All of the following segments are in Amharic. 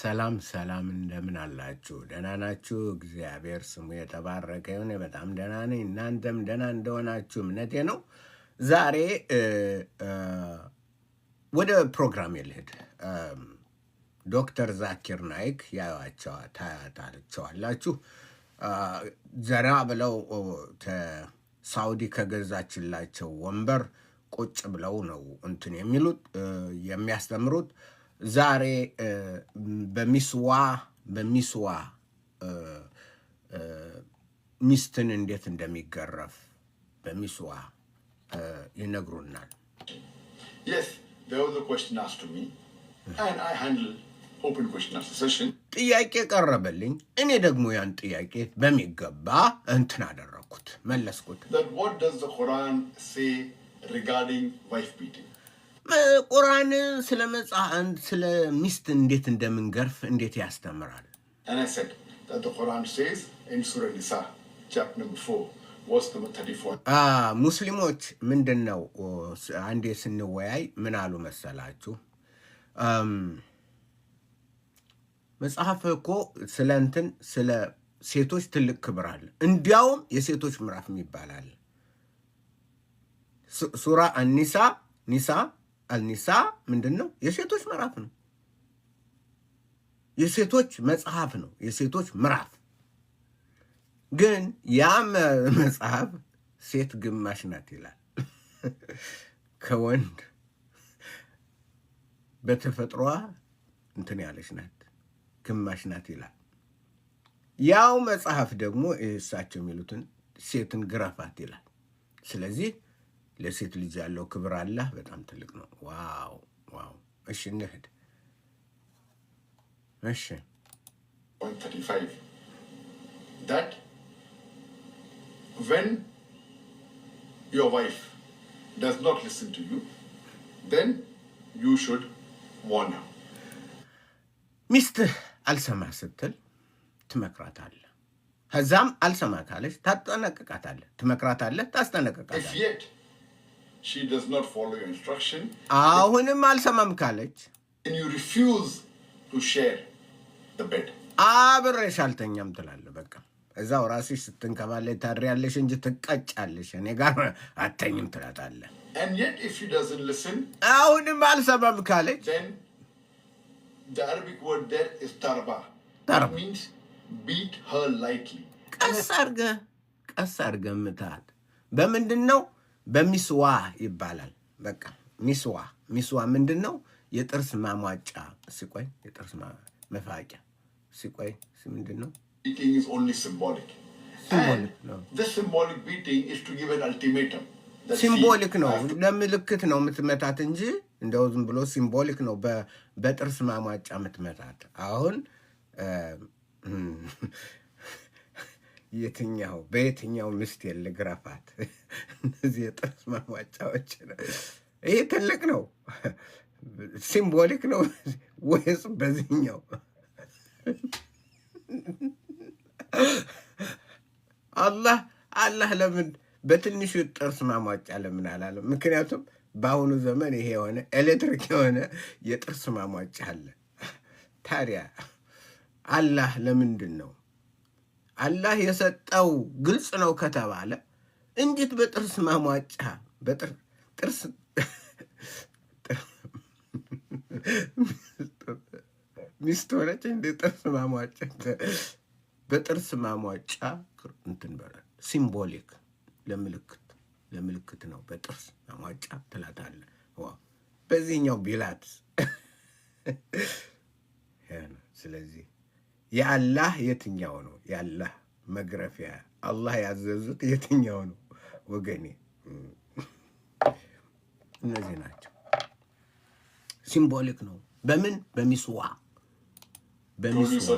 ሰላም ሰላም፣ እንደምን አላችሁ? ደህና ናችሁ? እግዚአብሔር ስሙ የተባረከ ይሁን። በጣም ደህና ነኝ። እናንተም ደህና እንደሆናችሁ እምነቴ ነው። ዛሬ ወደ ፕሮግራም ልሂድ። ዶክተር ዛኪር ናይክ ያዋቸው ታያታቸዋላችሁ። ዘና ብለው ሳውዲ ከገዛችላቸው ወንበር ቁጭ ብለው ነው እንትን የሚሉት የሚያስተምሩት ዛሬ በሚስዋ በሚስዋ ሚስትን እንዴት እንደሚገረፍ በሚስዋ ይነግሩናል። ጥያቄ ቀረበልኝ። እኔ ደግሞ ያን ጥያቄ በሚገባ እንትን አደረግኩት፣ መለስኩት። ቁርአን ስለ መጽሐፍ ስለ ሚስት እንዴት እንደምንገርፍ እንዴት ያስተምራል። ሙስሊሞች ምንድን ነው አንዴ ስንወያይ ምን አሉ መሰላችሁ? መጽሐፍ እኮ ስለ እንትን ስለ ሴቶች ትልቅ ክብር አለ። እንዲያውም የሴቶች ምዕራፍም ይባላል ሱራ አኒሳ ኒሳ አልኒሳ ምንድን ነው? የሴቶች ምዕራፍ ነው። የሴቶች መጽሐፍ ነው። የሴቶች ምዕራፍ ግን ያ መጽሐፍ ሴት ግማሽ ናት ይላል። ከወንድ በተፈጥሯ እንትን ያለች ናት ግማሽ ናት ይላል። ያው መጽሐፍ ደግሞ እሳቸው የሚሉትን ሴትን ግረፋት ይላል። ስለዚህ ለሴት ልጅ ያለው ክብር አላህ በጣም ትልቅ ነው። ዋው ዋው! እሺ እንሂድ። እሺ ሚስትህ አልሰማ ስትል ትመክራታለህ። ከዛም አልሰማ ካለች ታስጠነቅቃታለህ። ትመክራታለህ፣ ታስጠነቅቃታለህ አሁንም አልሰማም ካለች አብሬሽ አልተኛም ትላለ በቃ እዛው ራስሽ ስትንከባለች ታድሪያለሽ እንጂ ትቀጫለሽ። እኔ ጋር አተኝም ትላታለህ። አሁንም አልሰማም ካለች ቀስ አድርገህ ቀስ አድርገህ ምታት። በምንድን ነው በሚስዋ ይባላል። በቃ ሚስዋ ሚስዋ ምንድን ነው? የጥርስ ማሟጫ ሲቆይ፣ የጥርስ መፋቂያ ሲቆይ ምንድን ነው? ሲምቦሊክ ነው፣ ለምልክት ነው የምትመታት እንጂ እንደው ዝም ብሎ ሲምቦሊክ ነው። በጥርስ ማሟጫ የምትመታት አሁን የትኛው በየትኛው ምስት የለ ግረፋት። እነዚህ የጥርስ ነው። ይህ ትልቅ ነው፣ ሲምቦሊክ ነው ወይስ በዚህኛው አላህ አላህ ለምን በትንሹ ጥርስ ማሟጫ ለምን አላለ? ምክንያቱም በአሁኑ ዘመን ይሄ የሆነ ኤሌክትሪክ የሆነ የጥርስ ማሟጫ አለ። ታዲያ አላህ ለምንድን ነው አላህ የሰጠው ግልጽ ነው ከተባለ እንዴት በጥርስ ማሟጫ በጥርስ ሚስት ሆነች እንደ ጥርስ ማሟጫ በጥርስ ማሟጫ እንትን በረ ሲምቦሊክ ለምልክት ለምልክት ነው። በጥርስ ማሟጫ ትላታለ። በዚህኛው ቢላት ስለዚህ የአላህ የትኛው ነው? የአላህ መግረፊያ አላህ ያዘዙት የትኛው ነው? ወገኔ እነዚህ ናቸው። ሲምቦሊክ ነው። በምን በሚስዋ በሚስዋ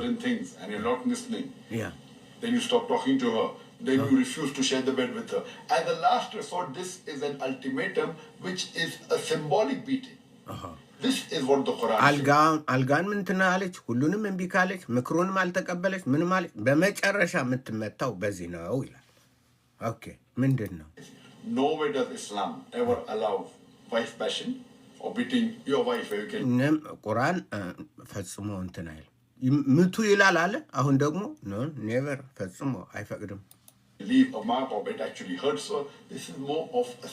አልጋን ምን ትናለች? ሁሉንም እምቢ ካለች፣ ምክሩንም አልተቀበለች፣ ምንም አለች። በመጨረሻ የምትመታው በዚህ ነው ይላል። ኦኬ ምንድን ነው? ቁርአን ፈጽሞ እንትን አይል ምቱ ይላል አለ። አሁን ደግሞ ኔቨር ፈጽሞ አይፈቅድም።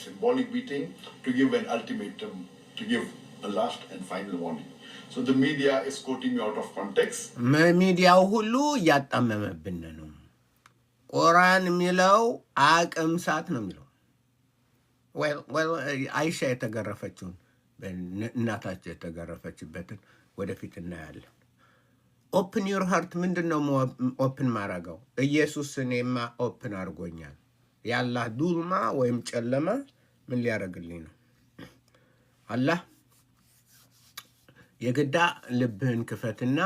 ሲምቦሊክ ቢቲንግ ቱ ቱ ጊቭ ጊቭ አልቲሜትም the last and final warning. So the media is quoting me out of context. ሚዲያው ሁሉ እያጣመመብን ነው። ቁርአን የሚለው አቅም ሰዓት ነው የሚለው አይሻ የተገረፈችውን እናታቸው የተገረፈችበትን ወደፊት እናያለን። ኦፕን ዩር ሀርት ምንድን ነው ኦፕን ማረገው? ኢየሱስ እኔማ ኦፕን አድርጎኛል። ያላህ ዱልማ ወይም ጨለማ ምን ሊያደርግልኝ ነው አላህ የግዳ ልብህን ክፈትና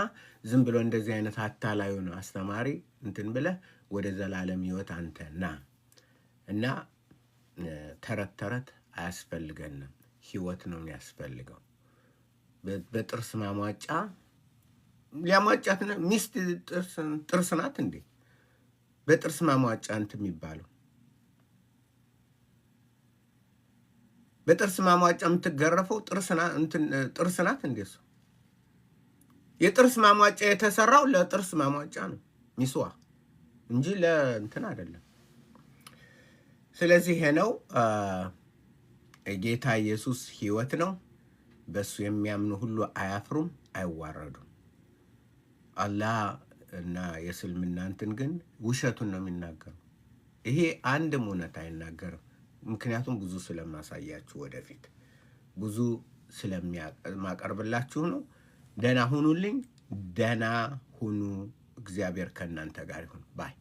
ዝም ብሎ እንደዚህ አይነት አታላዩ ነው አስተማሪ እንትን ብለህ ወደ ዘላለም ህይወት አንተ ና እና ተረት ተረት አያስፈልገንም። ህይወት ነው የሚያስፈልገው። በጥርስ ማሟጫ ሊያሟጫት ሚስት ጥርስ ናት እንዴ? በጥርስ ማሟጫ እንትን የሚባለው በጥርስ ማሟጫ የምትገረፈው ጥርስ ናት እንዴ? የጥርስ ማሟጫ የተሰራው ለጥርስ ማሟጫ ነው ሚስዋ እንጂ ለእንትን አይደለም። ስለዚህ ይሄ ነው ጌታ ኢየሱስ ህይወት ነው። በእሱ የሚያምኑ ሁሉ አያፍሩም፣ አይዋረዱም። አላህ እና የእስልምና እንትን ግን ውሸቱን ነው የሚናገሩ። ይሄ አንድም እውነት አይናገርም። ምክንያቱም ብዙ ስለማሳያችሁ ወደፊት ብዙ ስለማቀርብላችሁ ነው። ደህና ሁኑልኝ። ደህና ሁኑ። እግዚአብሔር ከእናንተ ጋር ይሁን ባይ